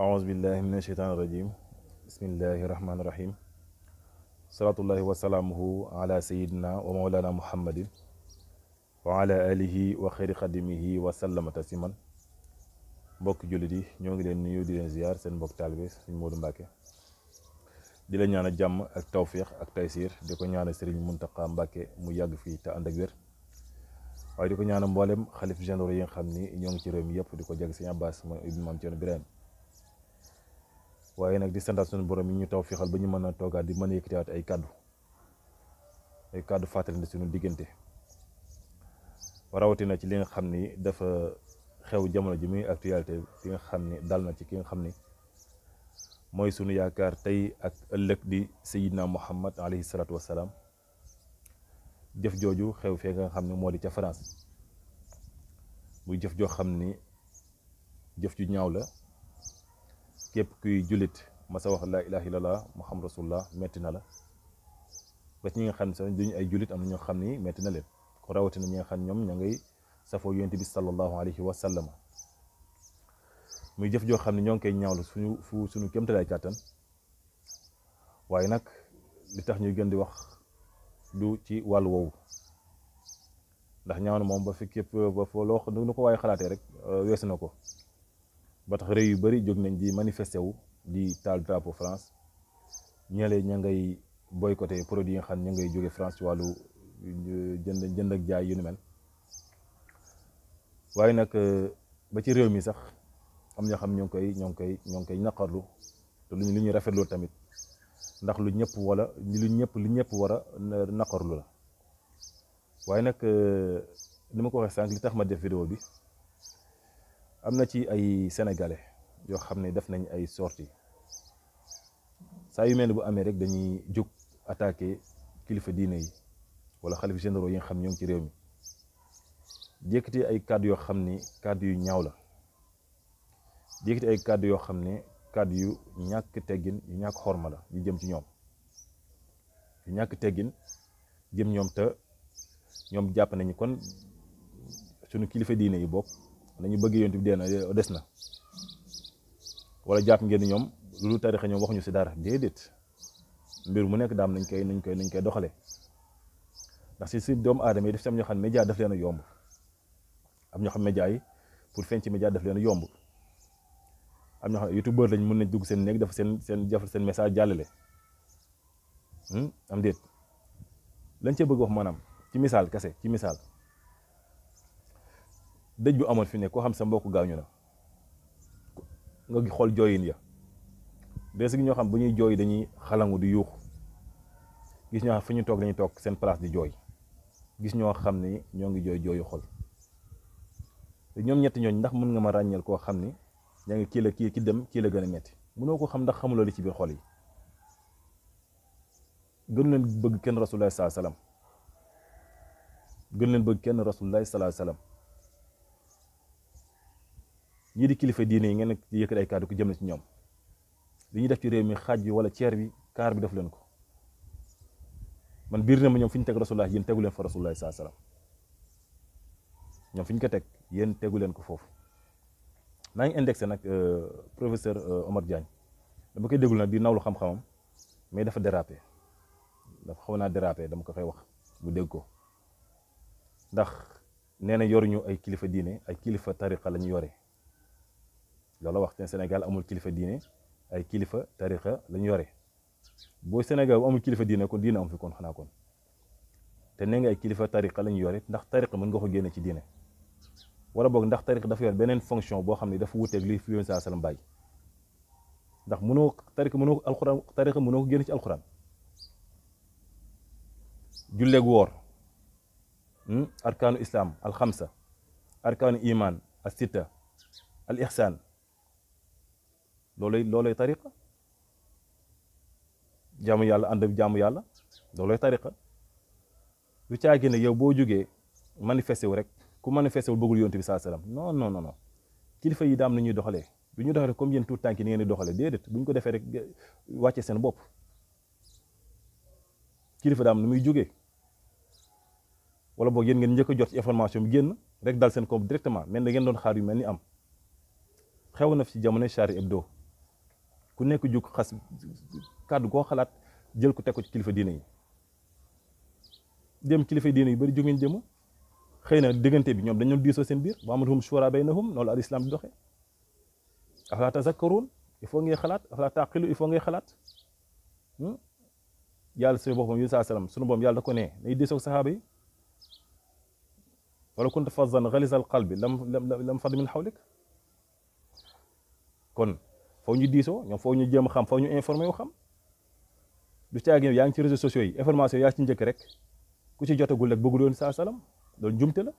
أعوذ بالله من الشيطان الرجيم بسم الله الرحمن الرحيم صلاة الله وسلامه على سيدنا ومولانا محمد وعلى آله وخير خدمه وسلم تسليما بوك جولدي نيوغي لين نيو دي زيار سن بوك طالبي سن مودو مباكي دي لا نيانا جام اك توفيق اك تيسير دي كو نيانا سيرن منتقى مباكي مو ياغ في تا اندك وير واي دي كو نيانا مبولم خليفه جنرال يي خامني نيوغي سي ريم ييب دي كو جاغ سي عباس مو ابن مام تيون waaye nag di santaat suñu borom yi ñu taw fiixal ba ñu mën a toogaat di mën a yëkkatiwaat ay kàddu ay kàddu fàttalante suñu diggante rawatina ci li nga xam ni dafa xew jamono ji muy actualité bi nga xam ni dal na ci ki nga xam ni mooy sunu yaakaar tey ak ëllëg di sayidna muhammad alayhi salatu wasalaam jëf jooju xew fee nga xam ne moo di ca France muy jëf joo xam ni jëf ju ñaaw la képp kuy jullit masa wax laa ilaaha illallaah xam rasulullah metti na la ba ci ñi nga xam ne sax duñu ay jullit am na ñoo xam ni metti na leen ko rawatina ñi nga xam ñoom ña ngay safoo yonent bi sallallahu alayhi wa sallam jëf joo xam ne ñoo ngi koy ñaawlu suñu fu suñu kéemtalaay kàttan waaye nag li tax ñuy gën di wax du ci wàll woowu ndax ñaaw na moom ba fi képp ba foo loo nu ko waaye xalaatee rek weesu na ko ba tax réew yu bëri jóg nañ di manifesté wu di taal drapeau France ñële ña ngay boycotté produit yi nga xam ña ngay jóge France ci wàllu euh, jënd jënd ak jaay yu ni mel waaye nag euh, ba ci réew mi sax am ña xam ñoo ngi koy ñoo ngi koy ñoo ngi koy naqarlu te lu ñu rafetloo tamit ndax lu ñëpp wala lu ñëpp lu ñëpp war a naqarlu la waaye nag euh, ni ma ko waxee sànq li tax ma def vidéo bi am na ci ay sénégalais yoo xam ne def nañ ay sorties saa yu mel ne bu amee rek dañuy jóg attaqué kilifa diine yi wala xalif généraux yi nga xam ñoo ngi ci réew mi jékkati ay kàddu yoo xam ni kàddu yu ñaaw la jékkati ay kàddu yoo xam ne kàddu yu ñàkk teggin yu ñàkk xorma la yu jëm ci ñoom yu ñàkk teggin jëm ñoom te ñoom jàpp nañu kon sunu kilifa diine yi bokk nañu bëgg yonent bi dee na des na wala jàpp ngeen ñoom lu tarixa ñoom waxuñu si dara déedéet mbir mu nekk daam nañ koy nañ koy nañ koy doxalee ndax si si doomu aadama yi def si am ñoo xam ne média daf leen a yomb am ñoo xam média pour feeñ ci média daf leen yomb am ñoo xam ne youtubeur mën nañ dugg seen néeg dafa seen seen seen message jàllale hmm? am déet lañ cee bëgg wax maanaam ci misaal kese ci misaal dëj bu amoon fi ne ko xam sa mbokk gañu na nga xol joyin ya des gi ño xam buñuy joy dañuy xalangu di yuux gis ño xam fi dañuy toog place di joy. gis ño xam ni ño ngi joy joyu xol te ñoom ñetti ñooñ ndax mën nga ma ràññeel ko xam ni yaa ngi ki la ki ki dem ki la gëna a metti mënoo ko xam ndax lo li ci biir xol yi gën leen bëgg kenn sallallahu salaa wasallam gën leen bëgg kenn sallallahu salaa wasallam ñii di kilifa diine yi ngeen di yëkkat ay kàddu ko jëm na ci ñoom li ñuy def ci réew mi xaaj bi wala ceer bi kaar bi def leen ko man biir na ma ñoom fi ñu teg rasulullah yéen tegu leen fa rasulullah saa ñoom fi ñu ko teg yéen tegu leen ko foofu. naa ngi indexé nag euh, professeur euh, Omar Diagne dama koy déglu nag di nawlu xam-xamam mais dafa dérapé dafa xaw naa dérapé dama ko koy wax mu dégg ko ndax nee na yoruñu ay kilifa diine ay kilifa tariqa la ñu yore. loolu la wax ne Sénégal amul kilifa diine ay kilifa tarixa lañ yore bo Sénégal amul kilifa diine kon diine am fi kon xana kon te ne nga ay kilifa tarixa lañ yore ndax tarixa mën nga ko génne ci diine wala bok ndax tarixa dafa yor benen fonction bo xamni dafa wuté ak li fi yoon sallam bay ndax mënoo tarixa mënoo alquran alxuraan tarixa mënoo génne ci alquran alxuraan julleeg woor arkaanu islaam alxamsa arkaanu imaan as sitta al ihsan loolay loolay tariqa jaamu yàlla ànd ak jaamu yàlla loolay tariqa lu caagi ne yow boo jógee manifesté wu rek ku manifesté wu bëggul yonent bi saa salaam non non non kilifa yi daam na ñuy doxalee du ñu doxalee comme yéen tuut tànk yi ni ngeen di doxalee déedéet bu ñu ko defee rek wàcce seen bopp kilifa daam nu muy jógee wala boo yéen ngeen njëkk jot ci information bi génn rek dal seen kaw directement mel na ngeen doon xaar yu mel ni am xew na fi ci jamono Charlie Hebdo ku nekk jóg xas kàddu goo xalaat jël ko teg ko ci kilifa diine yi dem kilifa diine yu bëri jógeen jëmm xëy na diggante bi ñoom dañu doon diisoo seen biir wa amruhum shura baynahum loolu al islam di doxee afala tazakkaruun il faut ngay xalaat afala taqilu il faut ngay xalaat yàlla suñu boppam yi saa salaam suñu boppam yàlla da ko ne day diisoo saxaaba yi wala kunta fazzan galiza al qalbi lam lam lam fad min xawlik kon faw ñu diisoo ñoom faw ñu jéem xam faw ñu informé wu xam du caagi yaa ngi ci réseaux sociaux yi information yaa ci njëkk rek ku ci jotagul rek bëggu doon salam loolu njumte la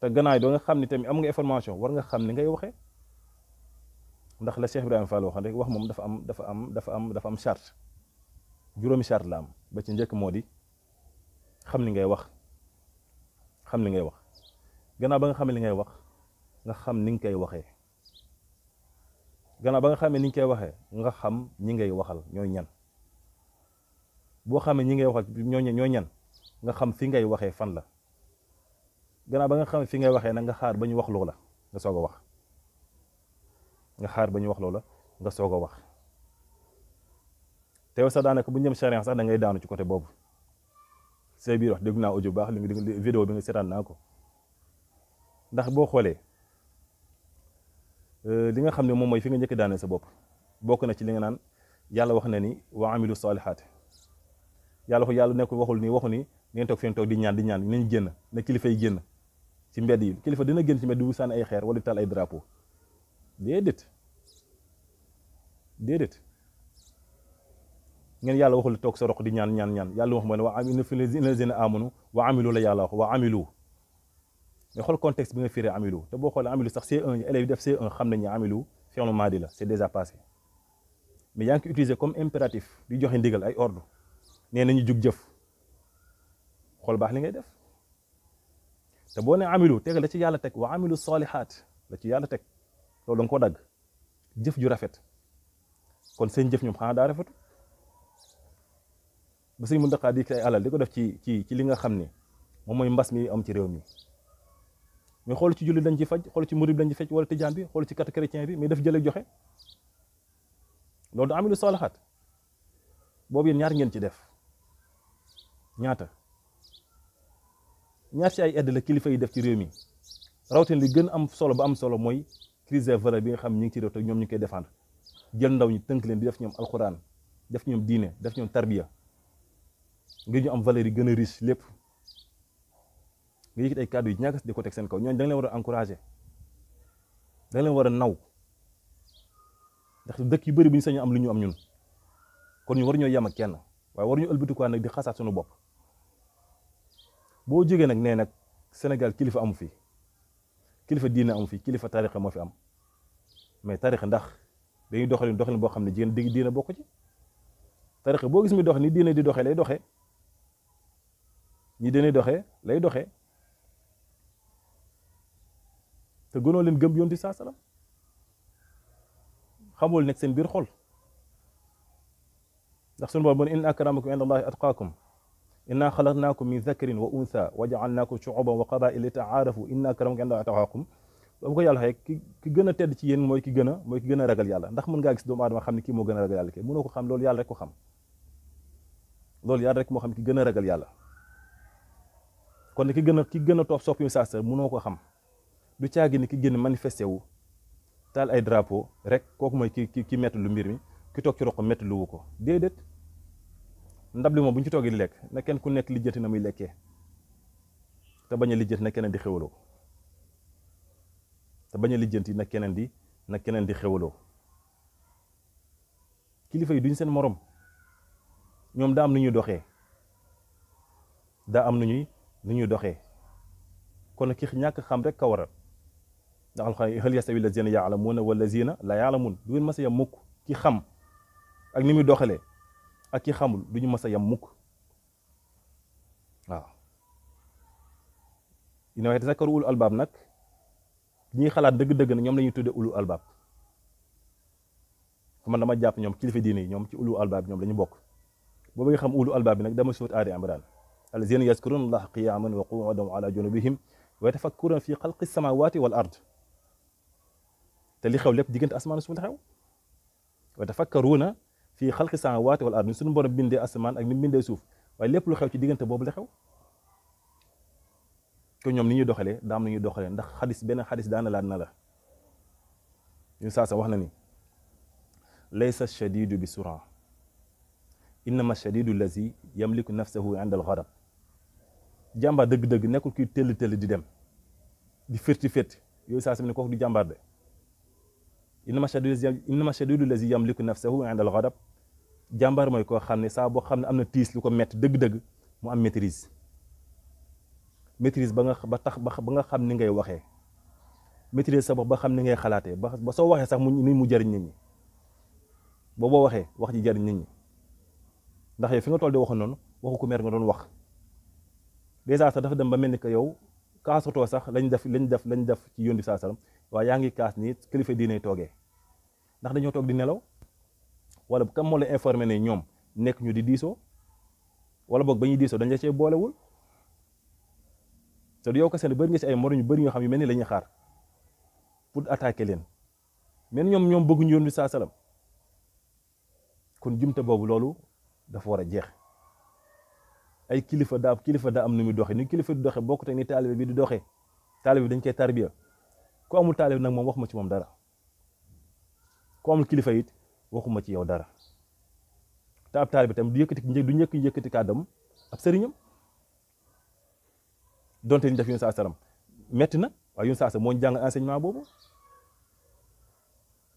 te gannaay doo nga xam ni tamit am nga information war nga xam ni ngay waxee ndax la Cheikh Ibrahima Fall waxoon rek wax moom dafa am dafa am dafa am dafa am charte juróomi charte la am ba ci njëkk moo xam li ngay wax xam li ngay wax gannaaw ba nga xam li ngay wax nga xam ni nga waxee gannaaw ba nga xamee ni ñu koy waxee nga xam ñi ngay waxal ñooy ñan boo xamee ñi ngay waxal ñoo ñan nga xam fi ngay waxee fan la gannaaw ba nga xamee fi ngay waxee nag nga xaar ba ñu wax loola nga soog a wax nga xaar ba ñu wax loola nga soog a wax teew sax daanaka bu ñu dem charia sax da ngay daanu ci côté boobu say biir wax dégg naa audio bu baax li nga vidéo bi nga seetaan naa ko ndax boo xoolee Euh, li nga xam ne moom mooy fi nga njëkk daaneel sa bopp bokk na ci li nga naan yàlla wax na ni wa amilu saalihaat yàlla ko yàlla ko waxul ni waxu ni ngeen toog feen toog di ñaan di ñaan nañ génn na kilifa yi génn ci mbedd yi kilifa dina génn ci mbedd bu sànni ay xeer wala di taal ay drapeau déedéet déedéet ngeen yàlla waxul toog sa di ñaan ñaan ñaan yàlla wax mooy ne wa amilu fi lazina wa amilu la yàlla wax wa amilu mais le contexte bi nga firee amilu te boo xoolee amilu sax C1 yi élèves yi def c'est un xam amilu fi'lu maadi c'est déjà passé mais yaa ngi ko utiliser comme impératif du genre ndigal ay ordre né nañu jug jëf xol bax li ngay def té bo né amilu té la ci yalla teg wa amilu solihaat la ci yalla teg lolou da nga koo jëf ju rafet kon seen jëf ñoom xana da rafetu ba sëñ mu daqaa di ay alal di def ci ci ci li nga xamné mom moy mbass mi am ci réew mi mais xool ci julli dañ ci faj xool ci murid dañ ci faj wala tijaan bi xool ci kat chrétien bi mais daf jël ak joxe loolu du amilu salaxaat boobu yéen ñaata ngeen ci def ñaata ñaata ci ay aide la kilifa yi def ci réew mi rawatina li gën am solo ba am solo mooy crise des valeurs bi nga xam ñu ngi ci réew te ñoom ñu koy defaan jël ndaw ñi tënk leen di def ñoom alxuraan def ñoom diine def ñoom tarbiya ngir ñu am valeur yi gën a riche lépp. nga yëkkati ay kàddu yi ñàkk di ko teg seen kaw ñooñu da leen war a encouragé da leen war a naw ndax dëkk yu bëri bu ñu sañu am lu ñu am ñun kon ñu war ñoo yem ak kenn waaye war ñu ëlbatikuwaat nag di xasaat suñu bopp boo jógee nag nee nag Sénégal kilifa amu fi kilifa diine amu fi kilifa tarixa moo fi am mais tarixa ndax dañuy doxalin doxalin boo xam ne jigéen dig diine bokk ci tarixa boo gis muy dox ni diine di doxee lay doxee ñi diine doxee lay doxee te gënoo leen gëm yonti saa salaam xamul nekk seen biir xol ndax sunu borom in akramakum inda allahi atqaakum inna xalaqnaakum min zakarin wa unsa wa jaalnaakum shuuban wa qabaa'ila li inna akramakum inda allahi atqaakum ba ko yàlla xëy ki gëna tedd ci yéen moy ki gëna moy ki gëna ragal yàlla ndax mën nga gis doomu aadama xamni ki mo gëna ragal yàlla ke mëno ko xam loolu yàlla rek ko xam loolu yàlla rek mo xam ki gëna ragal yàlla kon ki gëna ki gëna top toog sa sa mëno ko xam du caagi ni ki génn manifesté wu taal ay drapeau rek kooku mooy ki ki ki lu mbir mi ki toog ci roq métti lu wu ko déedéet ndab li moom bu ñu ci toogee di lekk na kenn ku nekk lijjati na muy lekkee te bañ a lijjanti na keneen di xewloo te bañ a lijjanti na keneen di na keneen di xewaloo kilifa yi duñ seen moroom ñoom daa am nu ñuy doxee daa am nu ñuy nu ñuy doxee kon ki ñàkk xam rek ka ndax alxuraan hal yastawi lazina yaalamuuna wa lazina la yaalamuun du ngeen mas a yem mukk ki xam ak ni muy doxalee ak ki xamul du ñu mas a yem mukk waaw dina waxe tazakkaru ulul albaab nag ñuy xalaat deug deug ñom ñoom tudde ulul albaab man dama jàpp ñom kilifa diini ñom ci ulul albab ñom lañu bok bo bëgg xam ulul albab nak dama suut ari amran allazina yazkuruna allaha qiyaman wa qu'udan ala junubihim wa yatafakkuruna fi xalqi samawati wal ard تلي خاو لب ديجنت أسمان سمن خاو وتفكرونا في خلق السماوات والأرض نسون بون بين دي أسمان أو بين دي سوف ولب لو خاو تي ديجنت بوب لخاو كن يوم نيو دخله دام نيو دخله ده خالص بين خالص دان لا نلا ينسى سوا هني ليس الشديد بسرعة إنما الشديد الذي يملك نفسه عند الغرب جامبا دغ دغ نيكول كي تيل تيل دي ديم دي فيرتي فيرتي يوي ساسم نيكو دي جامبار دي innama shadiidu innama shadiidu lazi yamliku nafsahu inda al-ghadab jàmbaar mooy koo xam ne saa boo xam ne am na tiis lu ko métti dëgg-dëgg mu am maîtrise maîtrise ba nga ba tax ba nga xam ni ngay waxee maîtrise sa bopp ba xam ni ngay xalaatee ba soo waxee sax mu ni mu jëriñ nit ñi boo boo waxee wax ji jariñ nit ñi ndax yow fi nga toll di waxoon noonu waxu ku mer nga doon wax dèjà sax dafa dem ba mel ni que yow kaasatoo sax lañ def lañ def lañ def ci yondi saa salaam waaye yaa kaas ni kilifa diine toge ndax dañu tok di nelaw wala kam mo la informer ne ñom nek ñu di diso wala bok bañu diso dañ la cee wul te yow kasse ne bëri nga ci ay moro ñu bëri ñoo xam yu melni lañu xaar pour attaquer men ñom ñom ñu yondi kon jumte bobu lolu dafa wara jeex ay kilifa daa kilifa daa am nu mu doxee ni kilifa di doxee bokkut ak ni taalibe bi di doxee taalibe bi dañ koy tarbiya ku amul taalibe nag moom waxuma ci moom dara ku amul kilifa it waxuma ci yow dara te ab taalibe tam du yëkkati du ñëkk yëkkati kàddam ab sëriñam donte ñu def yoon saa saram na waaye yoon saa sa moo ñu jàng enseignement boobu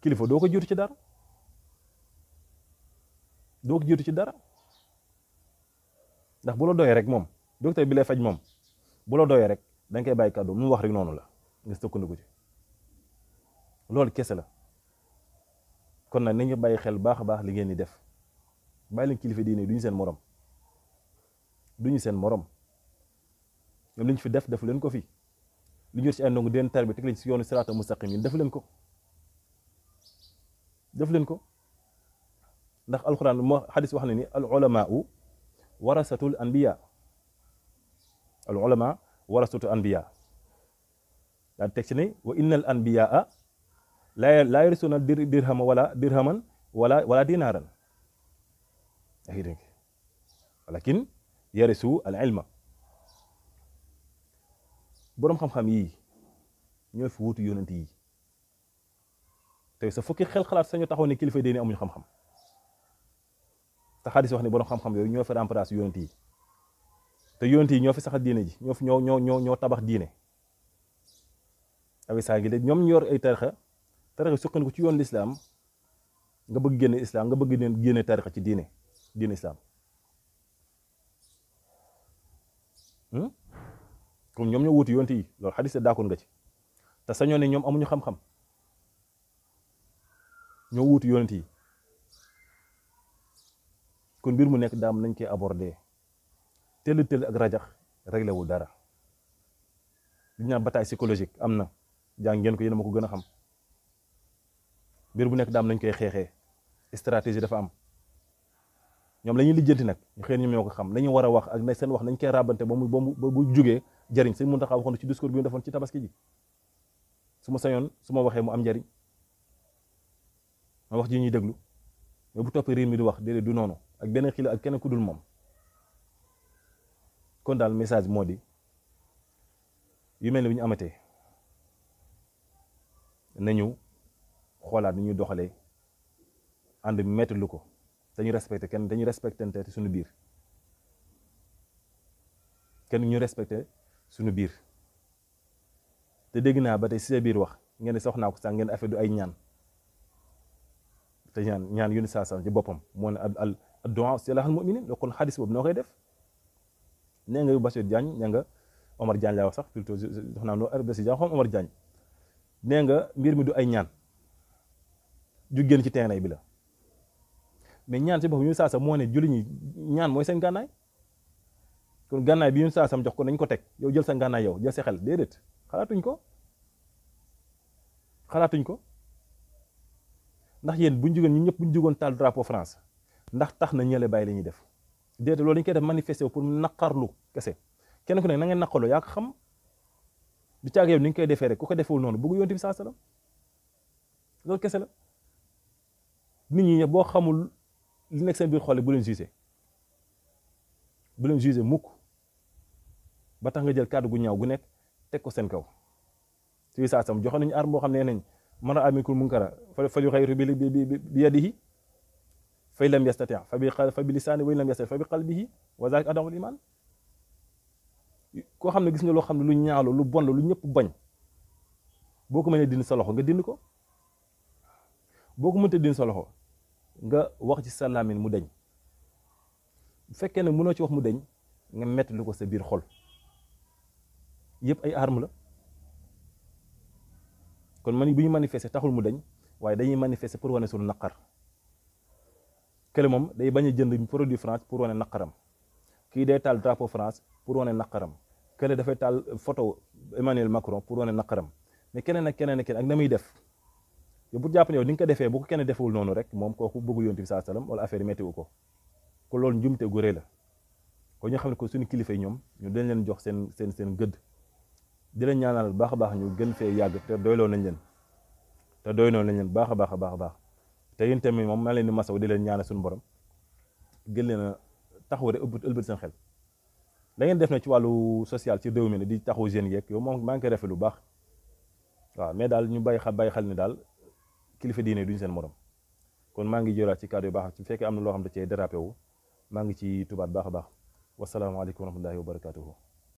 kilifa doo ko jiitu ci dara doo ko jiitu ci dara. ndax bu la doyee rek moom docteur bi lay faj moom bu la doyee rek da nga koy bàyyi kàddu mu wax rek noonu la nga sukkandiku ci loolu kese la kon nag nañu bàyyi xel baax a baax li ngeen ni def bàyyi leen kilifa diine duñu seen morom duñu seen morom ñoom liñ fi def def leen ko fi li ñu ci ay ndongo den tar bi teg leen ci yoonu sirata mustaqim yi def leen ko def leen ko ndax alquran mo hadith wax na ni al ulamaa ورثة الأنبياء العلماء ورثة الأنبياء تكتني وإن الأنبياء لا لا يرثون درهم ولا درهما ولا ولا دينارا ولكن يرثوا العلم بروم خم خم يي ñoy fi wutu yonent yi tay sa fukki xel xalaat sañu te xadis wax ne borom xam-xam yooyu ñoo fi remplacer yonent yi te yonent yi ñoo fi saxal diine ji ñoo fi ñoo ñoo ñoo ñoo tabax diine awi saa ngi de ñoom ñor ay tarixa tarixa sukkandiku ci yoon lislaam nga bëgg génne nga bëgg génne tarixa ci diine diine islaam hmm? comme ñoom ñoo wuti yonent yi loolu xadis de daakoon nga ci te sañoon ne ñoom amuñu xam-xam ñoo wuti yonent yi kon mbir mu nekk daam nañ koy aborder tëll tëll ak rajax regle wul dara li ñaa bataille psychologique am na jàng ngeen ko yéen ma ko gën a xam mbir bu nekk daam nañ koy xeexee stratégie dafa am ñoom la ñuy lijjanti nag ñu xëy ñoom ñoo ko xam la ñu war a wax ak na seen wax nañ koy ràbbante ba mu ba mu ba bu jógee jariñ sëñ Muntaxa waxoon ci discours bi mu defoon ci tabaski ji su ma sañoon su ma waxee mu am njariñ ma wax ji ñuy déglu mais bu toppee réew mi di wax déedéet du noonu ak beneen xilo ak kenn ku dul moom kon daal message moo di yu mel ni bu ñu amatee nañu xoolaat ni ñuy doxalee ànd metti lu ko dañu respecté kenn dañu respectante suñu biir kenn ñu respecté suñu biir te dégg naa ba te si sa biir wax ngeen soxnaa ko sax ngeen affaire du ay ñaan te ñaan ñaan yónni saa saa ci boppam moo ne al doa dua silaahul mu'minin kon hadis boobu noo koy def ne nga yu Bachir Diagne ne nga Omar Diagne la wax sax plutôt xana no noo RBC Diagne xom Omar Diagne ne nga mbir mi du ay ñaan ju génn ci terrain bi la mais ñaan ci boppam ñu saasa mo ne julli ñi ñaan moy sen gànnaay kon gànnaay bi ñu saasam jox ko nañ ko tek yow jël sa gànnaay yow jël sa xel dedet xalatuñ ko xalatuñ ko ndax yeen buñ jugon ñun ñep buñ jugon tal drapeau France ndax tax na ñële bay lañuy def dédé loolu ñu koy def manifester pour nakarlu kessé kenn ku ne na ngeen naqarlu yaa ko xam du caag yow ni nga koy defé rek ku ko deful noonu bëgg yonent bi sallam loolu kessé la nit ñi boo xamul li nekk seen biir xol bu leen jugé bu leen jugé mukk ba tax nga jël kàddu gu ñaaw gu nekk teg ko seen kaw ci sallam sam joxoon nañu arme boo xam ne nañ mën a amikul munkara fa fa yu xayru bi bi bi yadihi فإن لم يستطع فبقل فبلسانه وإن لم يستطع فبقلبه وذلك أدم الإيمان كو خامني غيسني لو خامني لو نيالو لو بون لو نييب باغ بوكو ماني دين صلوخو nga دين كو بوكو مونتي دين صلوخو nga واخ سي سلامين مو دنج فكنا مونو سي واخ مو دنج nga met luko sa bir xol yeb ay arme la kon mani buñu manifester taxul mu dañ waye dañuy manifester pour wone kële moom day bañ a jënd produit France pour wane naqaram kii day taal drapeau France pour wane naqaram kële dafay taal photo Emmanuel Macron pour wane naqaram mais keneen ak keneen ak keneen ak na muy def yow bu jàpp ne yow ni nga ko defee bu ko kenn defewul noonu rek moom kooku bëggul yoon bi saa salaam wala affaire yi météo ko ko loolu njumte gu rëy la ko ñu xam ne ko suñu kilifa yi ñoom ñu dañ leen jox seen seen seen gëdd di leen ñaanal baax a baax ñu gën fee yàgg te doyloo nañ leen te doyloo nañ leen baax a baax a baax baax te yéen tamit moom maa leen di masaw di leen ñaanal suñu borom gën na a taxaw rek ëpp ëlbët seen xel da ngeen def na ci wàllu social ci réew mi ne di taxaw jeunes yeeg yow moom maa ngi koy rafet lu baax waaw mais daal ñu bàyyi xel bàyyi xel ni daal kilifa diine duñ seen morom kon maa ngi jëlaat ci kàddu yu baax ci fekkee am na loo xam ne cee dérapé wu maa ngi ci tubaat baax a baax wasalaamaaleykum wa rahmatullahi wa barakatuhu